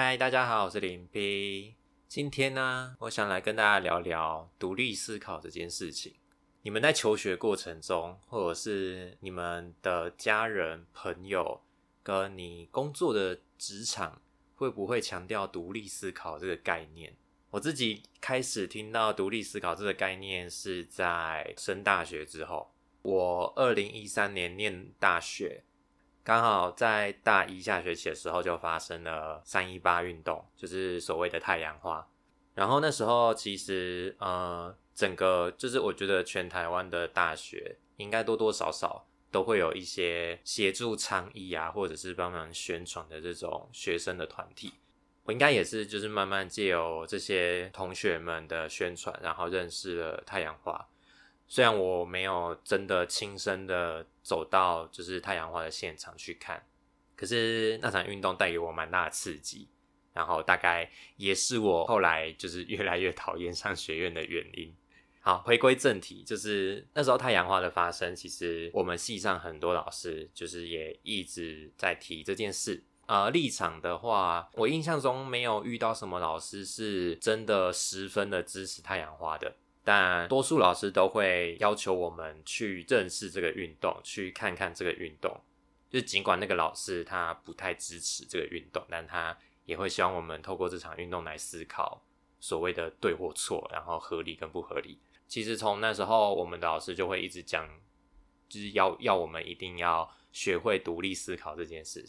嗨，Hi, 大家好，我是林斌。今天呢，我想來跟大家聊聊獨立思考這件事情。你們在求學過程中，或者是你們的家人、朋友跟你工作的職場，會不會強調獨立思考這個概念？我自己開始聽到獨立思考這個概念是在升大學之後。我二零一三年念大學。剛好在大一下學期的時候，就發生了三一八運動，就是所謂的太陽花。然後那時候其實呃、嗯，整個就是我覺得全台灣的大學應該多多少少都會有一些協助倡議啊，或者是幫忙宣傳的這種學生的團體。我應該也是就是慢慢借由這些同學們的宣傳，然後認識了太陽花。雖然我沒有真的親身的走到就是太陽花的現場去看，可是那場運動帶給我蠻大的刺激，然後大概也是我後來就是越來越討厭商學院的原因。好，回歸正題，就是那時候太陽花的發生，其實我們系上很多老師就是也一直在提這件事。呃，立場的話，我印象中沒有遇到什麼老師是真的十分的支持太陽花的。但多數老師都會要求我們去正視這個運動，去看看這個運動。就是儘管那個老師他不太支持這個運動，但他也會希望我們透過這場運動來思考所謂的對或錯，然後合理跟不合理。其實從那時候，我們的老師就會一直講。就是要要我們一定要學會獨立思考這件事。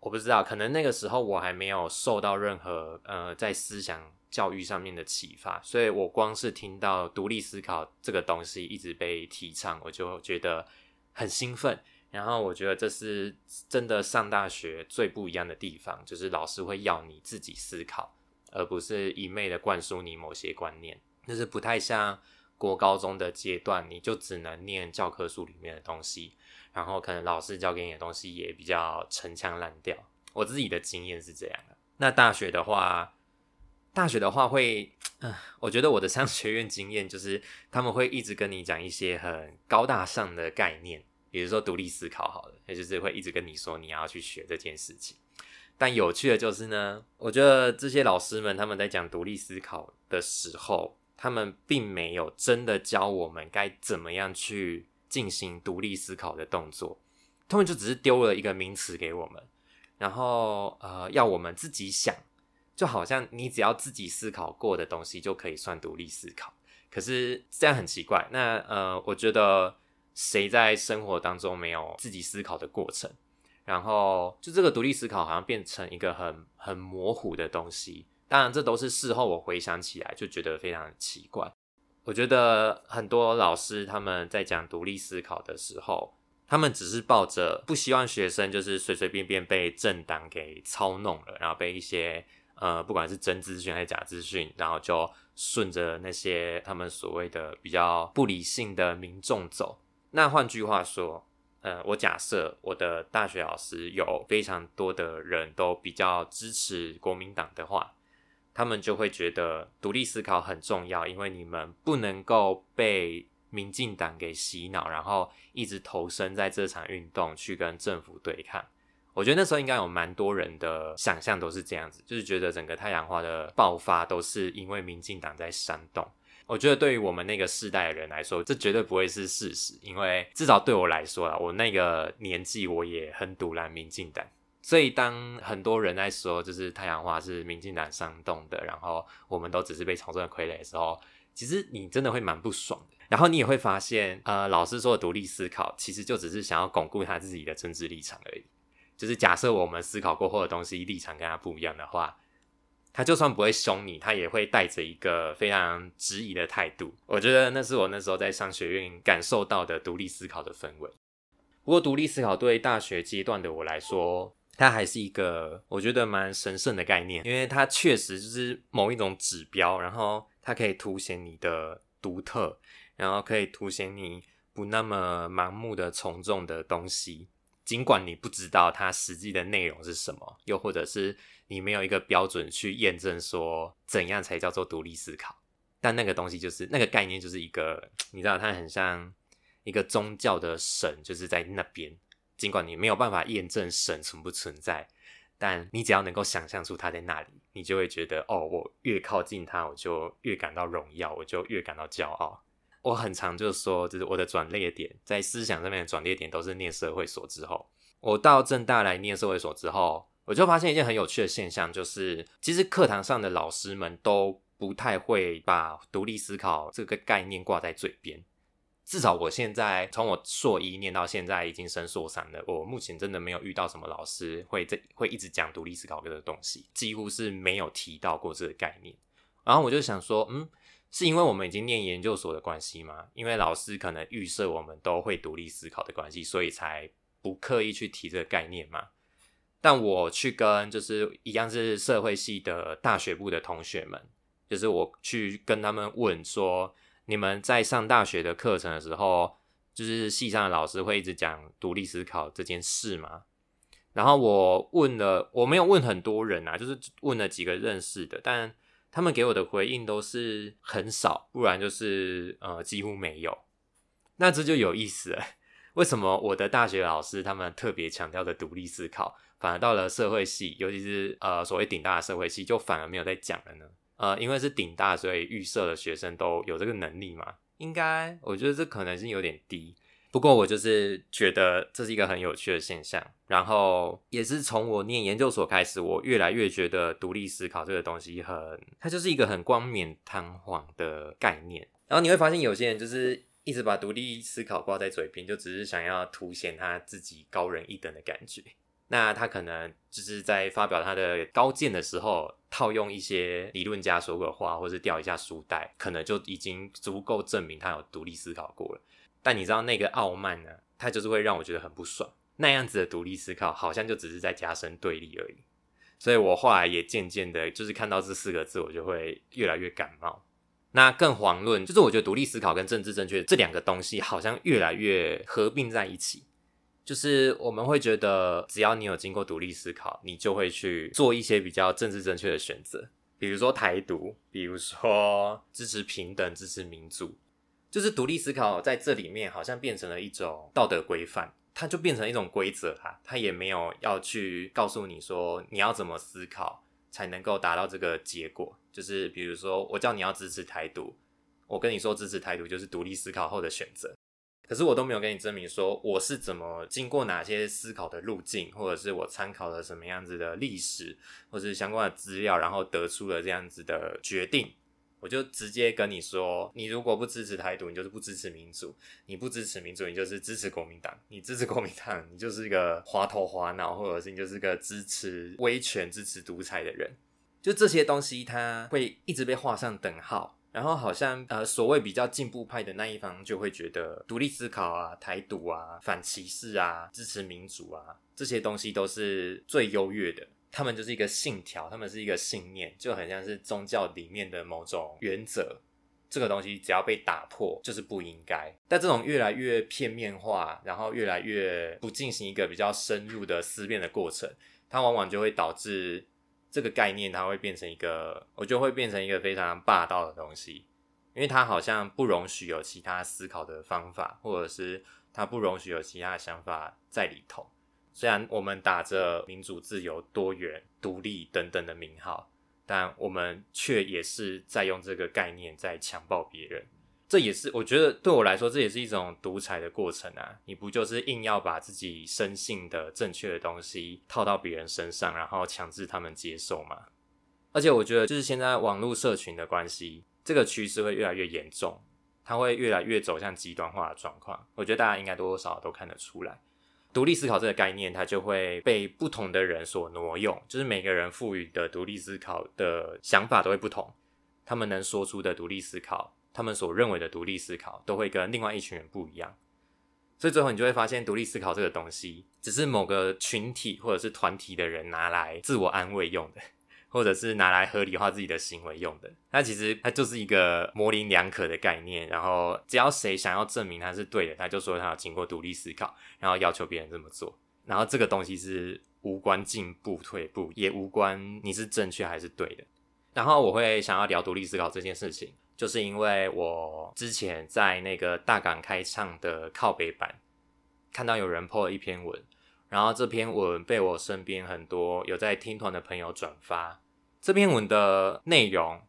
我不知道，可能那個時候我還沒有受到任何呃在思想教育上面的啟發，所以我光是聽到獨立思考這個東西一直被提倡，我就覺得很興奮。然後我覺得這是真的上大學最不一樣的地方，就是老師會要你自己思考，而不是一昧的灌輸你某些觀念，就是不太像。國高中的階段，你就只能念教科書裡面的東西，然後可能老師教給你的東西也比較陳腔濫調。我自己的經驗是這樣的。那大學的話，大學的話會，嗯，我覺得我的商學院經驗就是他們會一直跟你講一些很高大上的概念，比如說獨立思考，好了，也就是會一直跟你說你要去學這件事情。但有趣的就是呢，我覺得這些老師們他們在講獨立思考的時候，他們並沒有真的教我們該怎麼樣去進行獨立思考的動作，他們就只是丟了一個名詞給我們，然後呃要我們自己想，就好像你只要自己思考過的東西就可以算獨立思考，可是這樣很奇怪。那呃，我覺得誰在生活當中沒有自己思考的過程？然後就這個獨立思考好像變成一個很很模糊的東西。當然，這都是事後我回想起來就覺得非常奇怪。我覺得很多老師他們在講獨立思考的時候，他們只是抱着不希望學生就是隨隨便便被政黨給操弄了，然後被一些，呃，不管是真資訊還是假資訊，然後就順着那些他們所謂的比較不理性的民眾走。那換句話說，呃，我假設我的大學老師有非常多的人都比較支持國民黨的話。他們就會覺得獨立思考很重要，因為你們不能夠被民進黨給洗腦，然後一直投身在這場運動去跟政府對抗。我覺得那時候應該有蠻多人的想象都是這樣子，就是覺得整個太陽花的爆發都是因為民進黨在煽動。我覺得對於我們那個世代的人來說，這絕對不會是事實，因為至少對我來說啊，我那個年紀我也很賭爛民進黨。所以，當很多人在說，就是太陽花是民進黨煽動的，然後我們都只是被操縱的傀儡的時候，其實你真的會蠻不爽的。然後你也會發現，呃，老師說的獨立思考，其實就只是想要鞏固他自己的政治立場而已。就是假設我們思考過後的東西立場跟他不一樣的話，他就算不會凶你，他也會帶着一個非常質疑的態度。我覺得那是我那時候在商學院感受到的獨立思考的氛圍。不過，獨立思考對大學階段的我來說，它還是一個我覺得蠻神聖的概念，因為它確實就是某一種指標，然後它可以凸顯你的獨特，然後可以凸顯你不那麼盲目的從眾的東西，儘管你不知道它實際的內容是什麼，又或者是你沒有一個標準去驗證說怎樣才叫做獨立思考。但那個東西就是，那個概念就是一個，你知道它很像一個宗教的神，就是在那邊。儘管你沒有辦法驗證神存不存在，但你只要能夠想象出他在那裡，你就會覺得哦，我越靠近他，我就越感到榮耀，我就越感到驕傲。我很常就說，就是我的轉捩點，在思想上面的轉捩點，都是念社會所之後，我到政大來念社會所之後，我就發現一件很有趣的現象，就是其實課堂上的老師們都不太會把獨立思考這個概念掛在嘴邊。至少我現在從我碩一念到現在已經升碩三了，我目前真的沒有遇到什麼老師會在會一直講獨立思考這個東西，幾乎是沒有提到過這個概念。然後我就想說，嗯，是因為我們已經念研究所的關係嗎？因為老師可能預設我們都會獨立思考的關係，所以才不刻意去提這個概念嗎？但我去跟就是一樣是社會系的大學部的同學們，就是我去跟他們問說。你們在上大學的課程的時候，就是系上的老師會一直講獨立思考這件事嗎？然後我問了，我沒有問很多人啊，就是問了幾個認識的，但他們給我的回應都是很少，不然就是呃幾乎沒有。那這就有意思了，為什麼我的大學老師他們特別強調的獨立思考，反而到了社會系，尤其是呃所謂頂大的社會系，就反而沒有再講了呢？呃，因為是頂大，所以預設的學生都有這個能力嘛？應該，我覺得這可能性有點低。不過我就是覺得這是一個很有趣的現象。然後也是從我念研究所開始，我越來越覺得獨立思考這個東西很，它就是一個很冠冕堂皇的概念。然後你會發現有些人就是一直把獨立思考掛在嘴邊，就只是想要凸顯他自己高人一等的感覺。那他可能就是在發表他的高見的時候，套用一些理論家說過的話，或是掉一下書袋，可能就已經足夠證明他有獨立思考過了。但你知道那個傲慢呢、啊？他就是會讓我覺得很不爽。那樣子的獨立思考，好像就只是在加深對立而已。所以我後來也漸漸的，就是看到這四個字，我就會越來越感冒。那更遑論，就是我覺得獨立思考跟政治正確這兩個東西，好像越來越合並在一起。就是我們會覺得，只要你有經過獨立思考，你就會去做一些比較政治正確的選擇，比如說台獨，比如說支持平等、支持民主，就是獨立思考在這裡面好像變成了一種道德規範，它就變成一種規則哈，它也沒有要去告訴你說你要怎麼思考才能夠達到這個結果，就是比如說我叫你要支持台獨，我跟你說支持台獨就是獨立思考後的選擇。可是我都沒有跟你證明說我是怎麼經過哪些思考的路徑，或者是我參考了什麼樣子的歷史或是相關的資料，然後得出了這樣子的決定。我就直接跟你說，你如果不支持台獨，你就是不支持民主；你不支持民主，你就是支持國民黨；你支持國民黨，你就是一個滑頭滑腦，或者是你就是個支持威權、支持獨裁的人。就這些東西，它會一直被畫上等號。然後好像呃，所謂比較進步派的那一方就會覺得獨立思考啊、台獨啊、反歧視啊、支持民主啊，這些東西都是最優越的，他們就是一個信條，他們是一個信念，就很像是宗教裡面的某種原則。這個東西只要被打破，就是不應該。但這種越來越片面化，然後越來越不進行一個比較深入的思辨的過程，它往往就會導致。這個概念它會變成一個，我就會變成一個非常霸道的東西，因為它好像不容許有其他思考的方法，或者是它不容許有其他想法在裡頭。雖然我們打着民主、自由、多元、獨立等等的名號，但我們卻也是在用這個概念在強暴別人。這也是我覺得對我來說，這也是一種獨裁的過程啊！你不就是硬要把自己生性的正確的東西套到別人身上，然後強制他們接受嗎？而且我覺得，就是現在網絡社群的關係，這個趨勢會越來越嚴重，它會越來越走向極端化的狀況。我覺得大家應該多多少少都看得出來，獨立思考這個概念，它就會被不同的人所挪用。就是每個人賦予的獨立思考的想法都會不同，他們能說出的獨立思考。他們所認為的獨立思考，都會跟另外一群人不一樣，所以最後你就會發現，獨立思考這個東西，只是某個群體或者是團體的人拿來自我安慰用的，或者是拿來合理化自己的行為用的。那其實它就是一個模棱兩可的概念。然後，只要誰想要證明它是對的，他就說他要經過獨立思考，然後要求別人這麼做。然後，這個東西是無關進步、退步，也無關你是正確還是對的。然後我會想要聊獨立思考這件事情，就是因為我之前在那個大港開唱的靠北版看到有人 po 了一篇文，然後這篇文被我身邊很多有在聽團的朋友轉發。這篇文的內容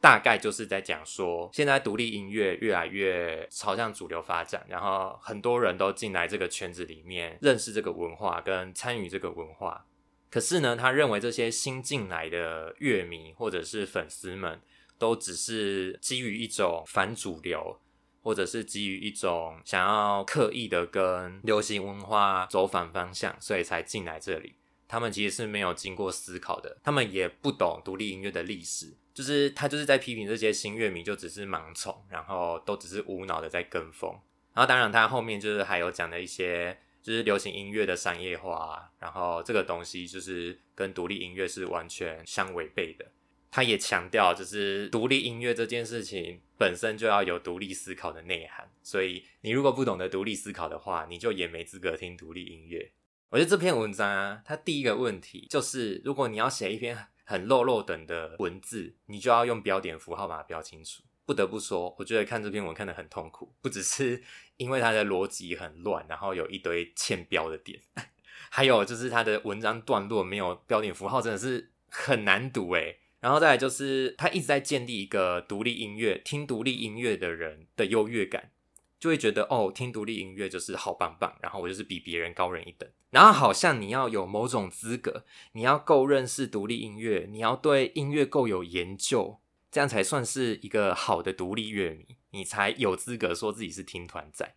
大概就是在講說，現在獨立音樂越來越朝向主流發展，然後很多人都進來這個圈子裡面，認識這個文化跟參與這個文化。可是呢，他認為這些新進來的樂迷或者是粉絲們，都只是基於一種反主流，或者是基於一種想要刻意的跟流行文化走反方向，所以才進來這裡。他們其實是沒有經過思考的，他們也不懂獨立音樂的歷史。就是他就是在批評這些新樂迷，就只是盲從，然後都只是無腦的在跟風。然後當然，他後面就是還有講的一些。就是流行音樂的商業化啊，然後這個東西就是跟獨立音樂是完全相違背的。他也強調，就是獨立音樂這件事情本身就要有獨立思考的內涵。所以你如果不懂得獨立思考的話，你就也沒資格聽獨立音樂。我覺得這篇文章啊，它第一個問題就是，如果你要寫一篇很囉囉等的文字，你就要用標點符號把它標清楚。不得不說，我覺得看這篇文看得很痛苦，不只是。因為他的邏輯很亂，然後有一堆欠標的點， 還有就是他的文章段落沒有標點符號，真的是很難讀誒。然後再來就是他一直在建立一個獨立音樂，聽獨立音樂的人的優越感，就會覺得哦，聽獨立音樂就是好棒棒，然後我就是比別人高人一等。然後好像你要有某種資格，你要夠認識獨立音樂，你要對音樂夠有研究，這樣才算是一個好的獨立樂迷。你才有資格說自己是聽團仔，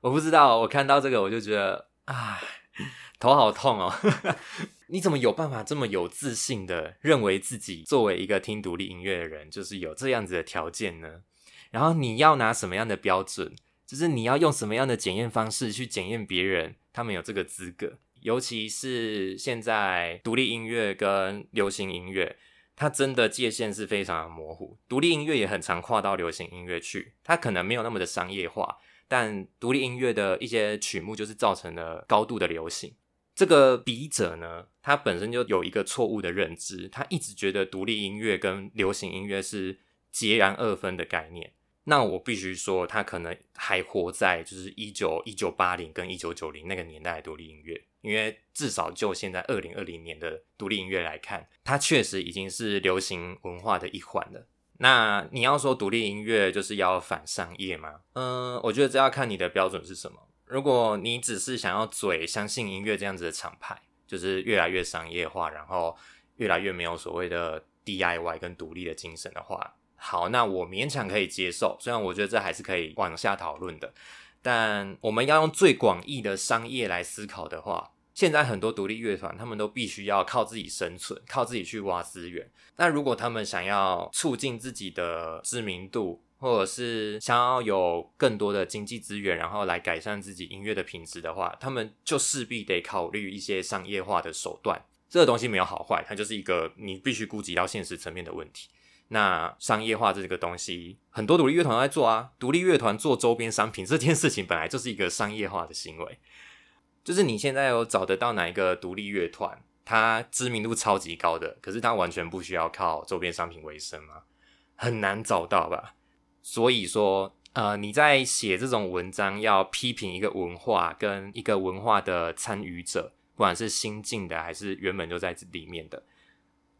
我不知道，我看到這個我就覺得啊，頭好痛哦、喔！ 你怎麼有辦法這麼有自信的認為自己作為一個聽獨立音樂的人，就是有這樣子的條件呢？然後你要拿什麼樣的標準，就是你要用什麼樣的檢驗方式去檢驗別人，他們有這個資格？尤其是現在獨立音樂跟流行音樂。它真的界限是非常的模糊，獨立音樂也很常跨到流行音樂去。它可能沒有那麼的商業化，但獨立音樂的一些曲目就是造成了高度的流行。這個筆者呢，他本身就有一個錯誤的認知，他一直覺得獨立音樂跟流行音樂是截然二分的概念。那我必須說，他可能還活在就是一九一九八零跟一九九零那個年代的獨立音樂，因為至少就現在二零二零年的獨立音樂來看，它確實已經是流行文化的一環了。那你要說獨立音樂就是要反商業嗎？嗯，我覺得這要看你的標準是什麼。如果你只是想要嘴相信音樂這樣子的廠牌，就是越來越商業化，然後越來越沒有所謂的 DIY 跟獨立的精神的話，好，那我勉強可以接受。雖然我覺得這還是可以往下討論的，但我們要用最廣義的商業來思考的話，現在很多獨立樂團他們都必須要靠自己生存，靠自己去挖資源。那如果他們想要促進自己的知名度，或者是想要有更多的經濟資源，然後來改善自己音樂的品質的話，他們就勢必得考慮一些商業化的手段。這個東西沒有好壞，它就是一個你必須顧及到現實層面的問題。那商業化這個東西，很多獨立樂團都在做啊。獨立樂團做周邊商品這件事情，本來就是一個商業化的行為。就是你現在有找得到哪一個獨立樂團，它知名度超級高的，可是它完全不需要靠周邊商品為生嗎？很難找到吧。所以說，呃，你在寫這種文章，要批評一個文化跟一個文化的參與者，不管是新進的還是原本就在裡面的。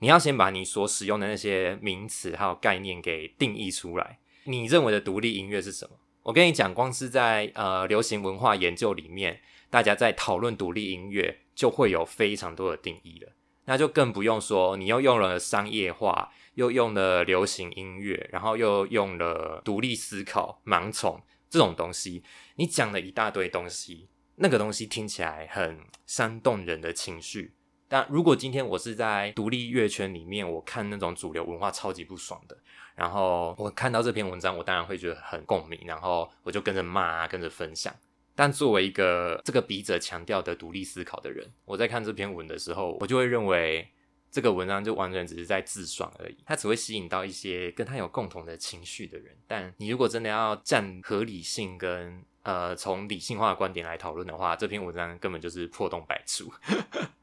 你要先把你所使用的那些名詞還有概念給定義出來。你認為的獨立音樂是什麼？我跟你講，光是在呃流行文化研究裡面，大家在討論獨立音樂就會有非常多的定義了。那就更不用說你又用了商業化，又用了流行音樂，然後又用了獨立思考、盲從這種東西。你講了一大堆東西，那個東西聽起來很煽動人的情緒。但如果今天我是在獨立樂圈裡面，我看那種主流文化超級不爽的，然後我看到這篇文章，我當然會覺得很共鳴，然後我就跟着罵啊，跟着分享。但作為一個這個筆者強調的獨立思考的人，我在看這篇文的時候，我就會認為這個文章就完全只是在自爽而已，它只會吸引到一些跟他有共同的情緒的人。但你如果真的要站合理性跟呃從理性化的觀點來討論的話，這篇文章根本就是破洞百出。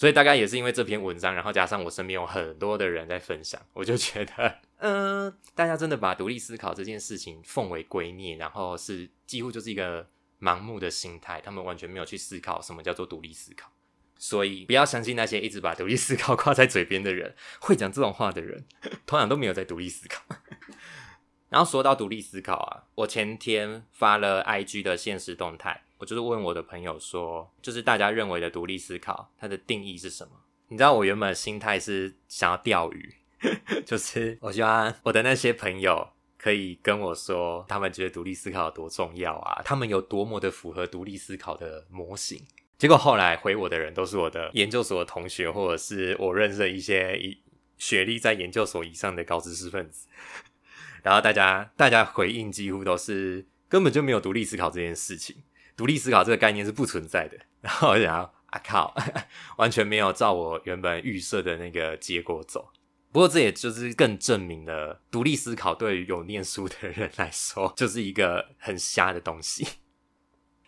所以大概也是因為這篇文章，然後加上我身邊有很多的人在分享，我就覺得，嗯、呃，大家真的把獨立思考這件事情奉為圭臬，然後是幾乎就是一個盲目的心態，他們完全沒有去思考什麼叫做獨立思考。所以不要相信那些一直把獨立思考掛在嘴邊的人，會講這種話的人，通常都沒有在獨立思考。然後說到獨立思考啊，我前天發了 IG 的限時動態。我就是問我的朋友說，就是大家認為的獨立思考，它的定義是什麼？你知道我原本的心態是想要釣魚， 就是我希望我的那些朋友可以跟我說，他們覺得獨立思考有多重要啊，他們有多麼的符合獨立思考的模型。結果後來回我的人都是我的研究所的同學，或者是我認識的一些一學歷在研究所以上的高知識分子。 然後大家大家回應幾乎都是根本就沒有獨立思考這件事情。獨立思考這個概念是不存在的，然後然後啊靠，完全沒有照我原本預設的那個結果走。不過這也就是更證明了獨立思考對於有念書的人來說就是一個很瞎的東西。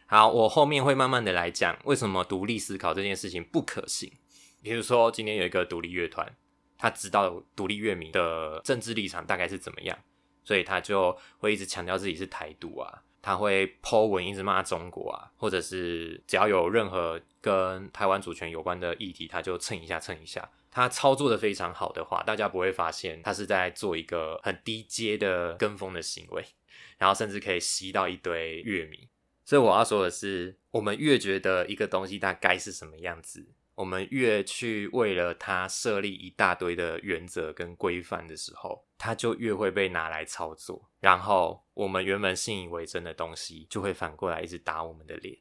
好，我後面會慢慢的來講為什麼獨立思考這件事情不可行。比如說今天有一個獨立樂團，他知道獨立樂迷的政治立場大概是怎麼樣，所以他就會一直強調自己是台獨啊。他會 PO 文一直罵中國啊，或者是只要有任何跟台灣主權有關的議題，他就蹭一下蹭一下。他操作得非常好的話，大家不會發現他是在做一個很低階的跟風的行為，然後甚至可以吸到一堆樂迷。所以我要說的是，我們越覺得一個東西它該是什麼樣子。我們越去為了它設立一大堆的原則跟規範的時候，它就越會被拿來操作，然後我們原本信以為真的東西，就會反過來一直打我們的臉。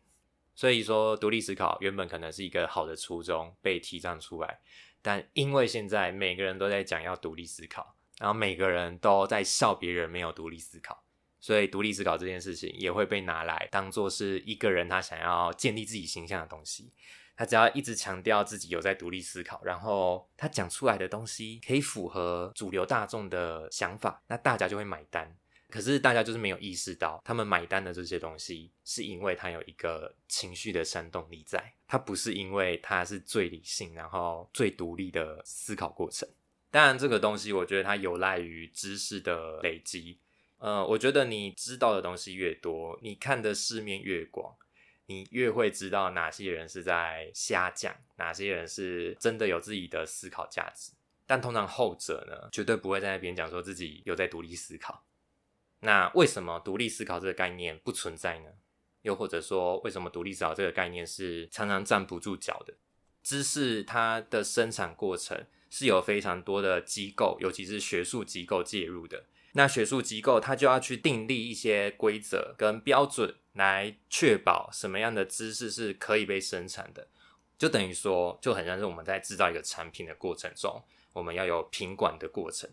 所以說，獨立思考原本可能是一個好的初衷，被提倡出來，但因為現在每個人都在講要獨立思考，然後每個人都在笑別人沒有獨立思考，所以獨立思考這件事情也會被拿來當做是一個人他想要建立自己形象的東西。他只要一直強調自己有在獨立思考，然後他講出來的東西可以符合主流大眾的想法，那大家就會買單。可是大家就是沒有意識到，他們買單的這些東西是因為他有一個情緒的煽動力在，他不是因為他是最理性，然後最獨立的思考過程。當然，這個東西我覺得它有賴於知識的累積。呃，我覺得你知道的東西越多，你看的世面越廣。你越會知道哪些人是在瞎講，哪些人是真的有自己的思考價值。但通常後者呢，絕對不會在那邊講說自己有在獨立思考。那為什麼獨立思考這個概念不存在呢？又或者說，為什麼獨立思考這個概念是常常站不住腳的？知識它的生產過程是有非常多的機構，尤其是學術機構介入的。那學術機構它就要去訂立一些規則跟標準，來確保什麼樣的知識是可以被生產的，就等於說，就很像是我們在製造一個產品的過程中，我們要有品管的過程，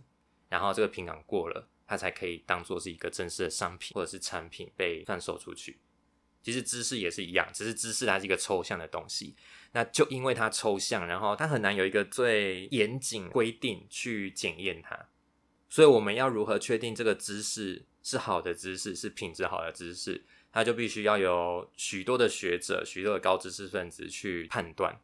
然後這個品管過了，它才可以當作是一個正式的商品或者是產品被販售出去。其實知識也是一樣，只是知識它是一個抽象的東西，那就因為它抽象，然後它很難有一個最嚴謹規定去檢驗它。所以我們要如何確定這個知識是好的知識，是品質好的知識？它就必須要由許多的學者、許多的高知識分子去判斷。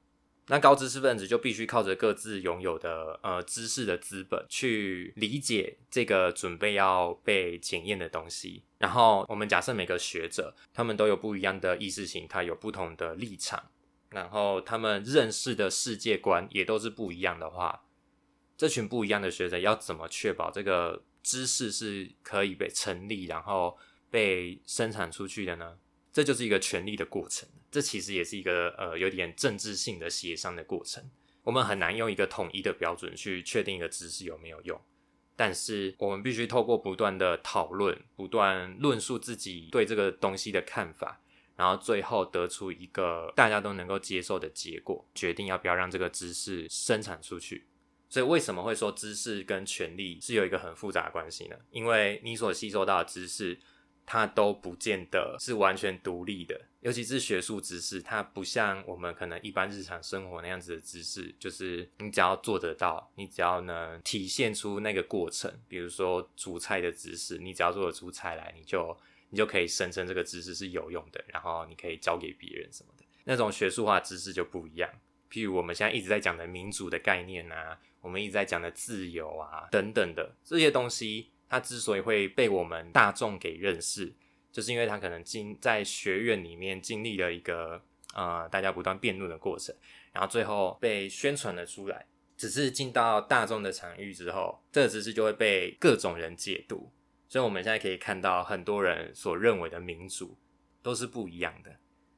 那高知識分子就必須靠着各自擁有的呃知識的資本去理解這個準備要被檢驗的東西。然後我們假設每個學者他們都有不一樣的意識形態，有不同的立場，然後他們認識的世界觀也都是不一樣的話。這群不一樣的學者要怎麼確保這個知識是可以被成立，然後被生產出去的呢？這就是一個權力的過程，這其實也是一個呃有點政治性的協商的過程。我們很難用一個統一的標準去確定一個知識有沒有用，但是我們必須透過不斷的討論，不斷論述自己對這個東西的看法，然後最後得出一個大家都能夠接受的結果，決定要不要讓這個知識生產出去。所以為什麼會說知識跟權力是有一個很複雜的關係呢？因為你所吸收到的知識，它都不見得是完全獨立的，尤其是學術知識，它不像我們可能一般日常生活那樣子的知識，就是你只要做得到，你只要能體現出那個過程，比如說煮菜的知識，你只要做得出菜來，你就你就可以聲稱這個知識是有用的，然後你可以教給別人什麼的。那種學術化知識就不一樣，譬如我們現在一直在講的民主的概念啊。我們一直在講的自由啊，等等的這些東西，它之所以會被我們大眾給認識，就是因為它可能經在學院裡面經歷了一個呃大家不斷辯論的過程，然後最後被宣傳了出來。只是進到大眾的場域之後，這個知識就會被各種人解讀。所以我們現在可以看到，很多人所認為的民主都是不一樣的。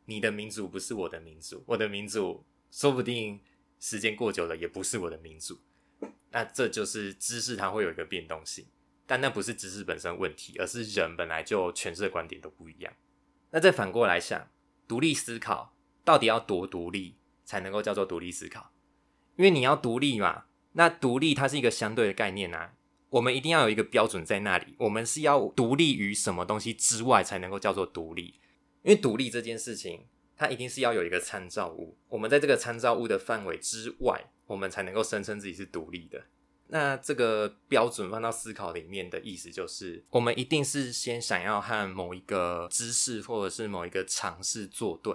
你的民主不是我的民主，我的民主說不定時間過久了也不是我的民主。那這就是知識，它會有一個變動性，但那不是知識本身問題，而是人本來就詮釋的觀點都不一樣。那再反過來想，獨立思考到底要多獨立才能夠叫做獨立思考？因為你要獨立嘛，那獨立它是一個相對的概念啊，我們一定要有一個標準在那裡。我們是要獨立於什麼東西之外才能夠叫做獨立？因為獨立這件事情。它一定是要有一個參照物，我們在這個參照物的範圍之外，我們才能夠聲稱自己是獨立的。那這個標準放到思考裡面的意思，就是我們一定是先想要和某一個知識或者是某一個常識作對，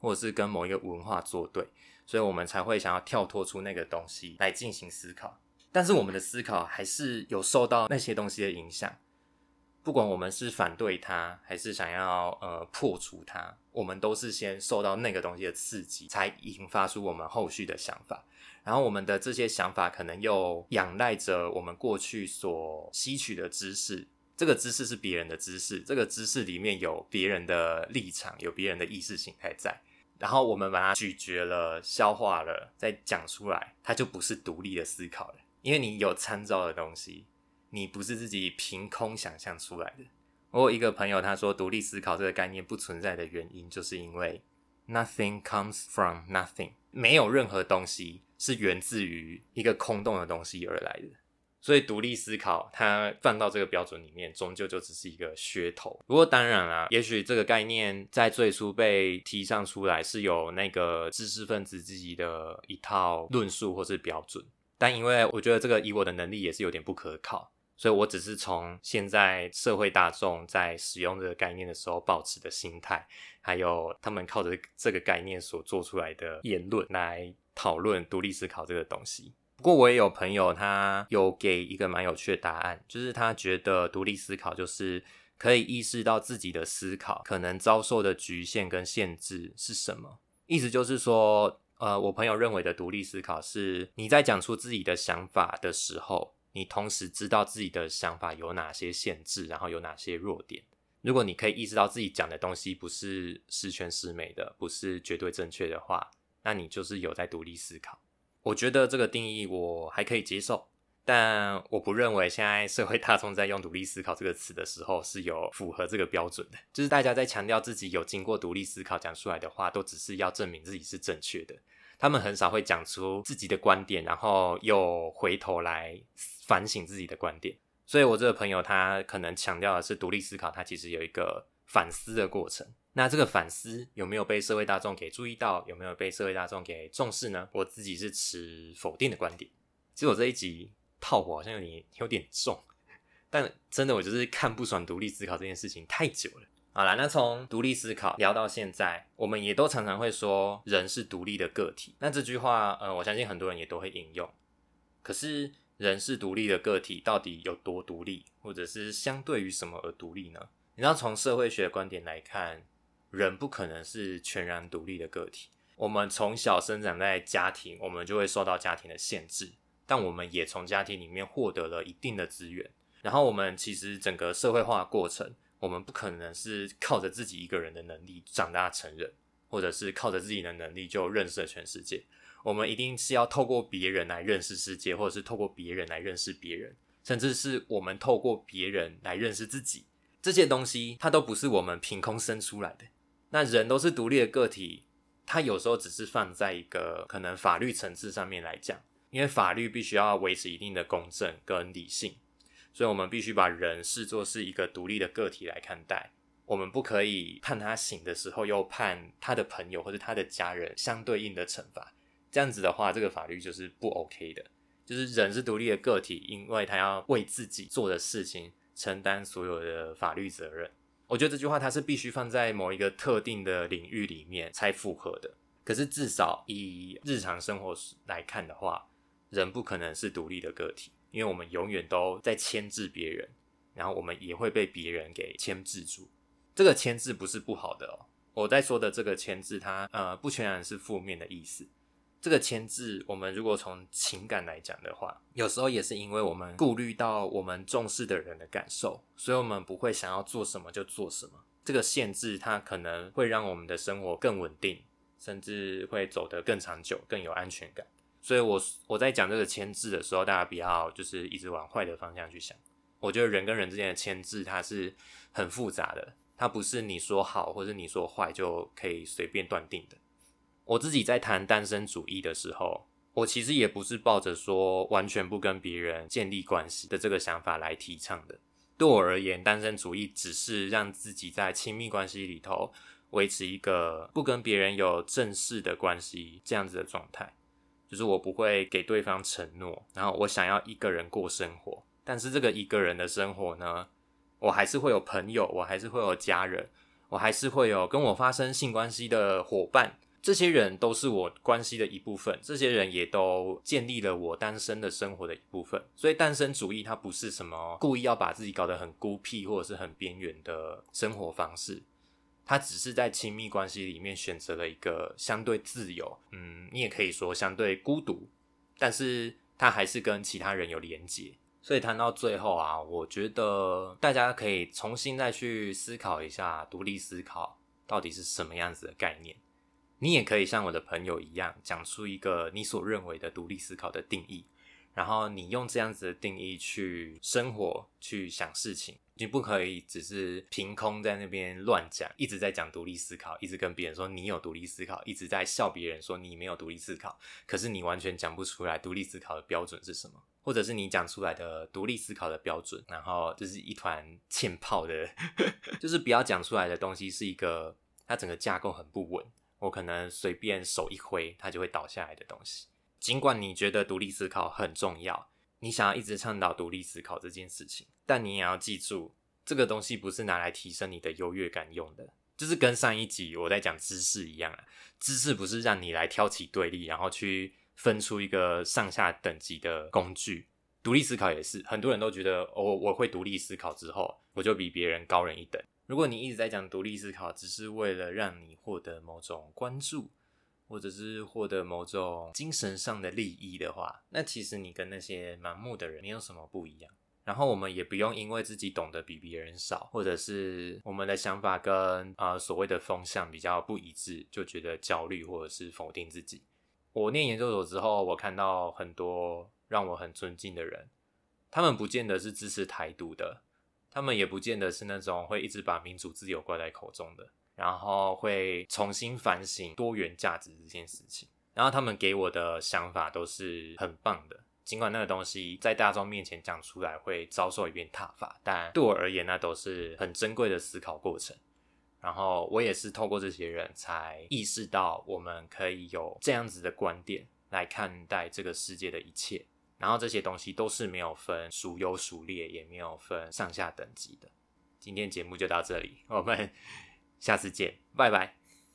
或者是跟某一個文化作對，所以我們才會想要跳脫出那個東西來進行思考。但是我們的思考還是有受到那些東西的影響。不管我們是反對它，還是想要呃破除它，我們都是先受到那個東西的刺激，才引發出我們後續的想法。然後我們的這些想法可能又仰賴着我們過去所吸取的知識。這個知識是別人的知識，這個知識裡面有別人的立場，有別人的意識形態在。然後我們把它咀嚼了、消化了，再講出來，它就不是獨立的思考了。因為你有參照的東西。你不是自己憑空想象出來的。我有一個朋友，他說獨立思考這個概念不存在的原因，就是因為 nothing comes from nothing，沒有任何東西是源自於一個空洞的東西而來的。所以獨立思考，它放到這個標準裡面，終究就只是一個噱頭。不過當然了啊，也許這個概念在最初被提倡出來，是有那個知識分子自己的一套論述或是標準。但因為我覺得這個以我的能力也是有點不可靠。所以，我只是從現在社會大眾在使用這個概念的時候抱持的心態，還有他們靠着這個概念所做出來的言論來討論獨立思考這個東西。不過，我也有朋友，他有給一個蠻有趣的答案，就是他覺得獨立思考就是可以意識到自己的思考可能遭受的局限跟限制是什麼。意思就是說，呃，我朋友認為的獨立思考是，你在講出自己的想法的時候。你同時知道自己的想法有哪些限制，然後有哪些弱點。如果你可以意識到自己講的東西不是十全十美的，不是絕對正確的話，那你就是有在獨立思考。我覺得這個定義我還可以接受，但我不認為現在社會大眾在用“獨立思考”這個詞的時候是有符合這個標準的。就是大家在強調自己有經過獨立思考講出來的話，都只是要證明自己是正確的。他們很少會講出自己的觀點，然後又回頭來。反省自己的觀點，所以我這個朋友他可能強調的是獨立思考，他其實有一個反思的過程。那這個反思有沒有被社會大眾給注意到，有沒有被社會大眾給重視呢？我自己是持否定的觀點。其實我這一集炮火好像有點、有點重， 但真的我就是看不爽獨立思考這件事情太久了。好啦，那從獨立思考聊到現在，我們也都常常會說人是獨立的個體。那這句話，呃，我相信很多人也都會引用。可是。人是獨立的個體，到底有多獨立，或者是相對於什麼而獨立呢？你知道，從社會學的觀點來看，人不可能是全然獨立的個體。我們從小生長在家庭，我們就會受到家庭的限制，但我們也從家庭裡面獲得了一定的資源。然後，我們其實整個社會化的過程，我們不可能是靠着自己一個人的能力長大成人。或者是靠着自己的能力就認識了全世界，我們一定是要透過別人來認識世界，或者是透過別人來認識別人，甚至是我們透過別人來認識自己。這些東西它都不是我們憑空生出來的。那人都是獨立的個體，它有時候只是放在一個可能法律層次上面來講，因為法律必須要維持一定的公正跟理性，所以我們必須把人視作是一個獨立的個體來看待。我們不可以判他刑的時候，又判他的朋友或者他的家人相對應的懲罰。這樣子的話，這個法律就是不 OK 的。就是人是獨立的個體，因為他要為自己做的事情承擔所有的法律責任。我覺得這句話它是必須放在某一個特定的領域裡面才符合的。可是至少以日常生活來看的話，人不可能是獨立的個體，因為我們永遠都在牽制別人，然後我們也會被別人給牽制住。這個牽制不是不好的哦，我在說的這個牽制它，它呃不全然是負面的意思。這個牽制，我們如果從情感來講的話，有時候也是因為我們顧慮到我們重視的人的感受，所以我們不會想要做什麼就做什麼。這個限制它可能會讓我們的生活更穩定，甚至會走得更長久、更有安全感。所以我，我我在講這個牽制的時候，大家不要就是一直往壞的方向去想。我覺得人跟人之間的牽制，它是很複雜的。它不是你說好或者你說壞就可以隨便斷定的。我自己在談單身主義的時候，我其實也不是抱着說完全不跟別人建立關係的這個想法來提倡的。對我而言，單身主義只是讓自己在親密關係裡頭維持一個不跟別人有正式的關係這樣子的狀態，就是我不會給對方承諾，然後我想要一個人過生活。但是這個一個人的生活呢？我還是會有朋友，我還是會有家人，我還是會有跟我發生性關係的夥伴，這些人都是我關係的一部分，這些人也都建立了我單身的生活的一部分。所以，單身主義它不是什麼故意要把自己搞得很孤僻或者是很邊緣的生活方式，它只是在親密關係裡面選擇了一個相對自由，嗯，你也可以說相對孤獨，但是它還是跟其他人有連結。所以談到最後啊，我覺得大家可以重新再去思考一下，獨立思考到底是什麼樣子的概念。你也可以像我的朋友一樣，講出一個你所認為的獨立思考的定義，然後你用這樣子的定義去生活、去想事情。你不可以只是憑空在那邊亂講，一直在講獨立思考，一直跟別人說你有獨立思考，一直在笑別人說你沒有獨立思考，可是你完全講不出來獨立思考的標準是什麼？或者是你講出來的獨立思考的標準，然後就是一團欠泡的， 就是不要講出來的東西是一個它整個架構很不穩，我可能隨便手一揮它就會倒下來的東西。儘管你覺得獨立思考很重要，你想要一直倡導獨立思考這件事情，但你也要記住，這個東西不是拿來提升你的優越感用的，就是跟上一集我在講知識一樣啊，知識不是讓你來挑起對立，然後去。分出一個上下等級的工具，獨立思考也是，很多人都覺得我、哦、我會獨立思考之後，我就比別人高人一等。如果你一直在講獨立思考，只是為了讓你獲得某種關注，或者是獲得某種精神上的利益的話，那其實你跟那些盲目的人沒有什麼不一樣。然後我們也不用因為自己懂得比別人少，或者是我們的想法跟啊、呃、所謂的風向比較不一致，就覺得焦慮或者是否定自己。我念研究所之後，我看到很多讓我很尊敬的人，他們不見得是支持台獨的，他們也不見得是那種會一直把民主自由掛在口中的，然後會重新反省多元價值這件事情。然後他們給我的想法都是很棒的，儘管那個東西在大眾面前講出來會遭受一遍撻伐，但對我而言那都是很珍貴的思考過程。然後我也是透過這些人才意識到，我們可以有這樣子的觀點來看待這個世界的一切。然後這些東西都是沒有分孰優孰劣，也沒有分上下等級的。今天節目就到這裡，我們下次見，拜拜。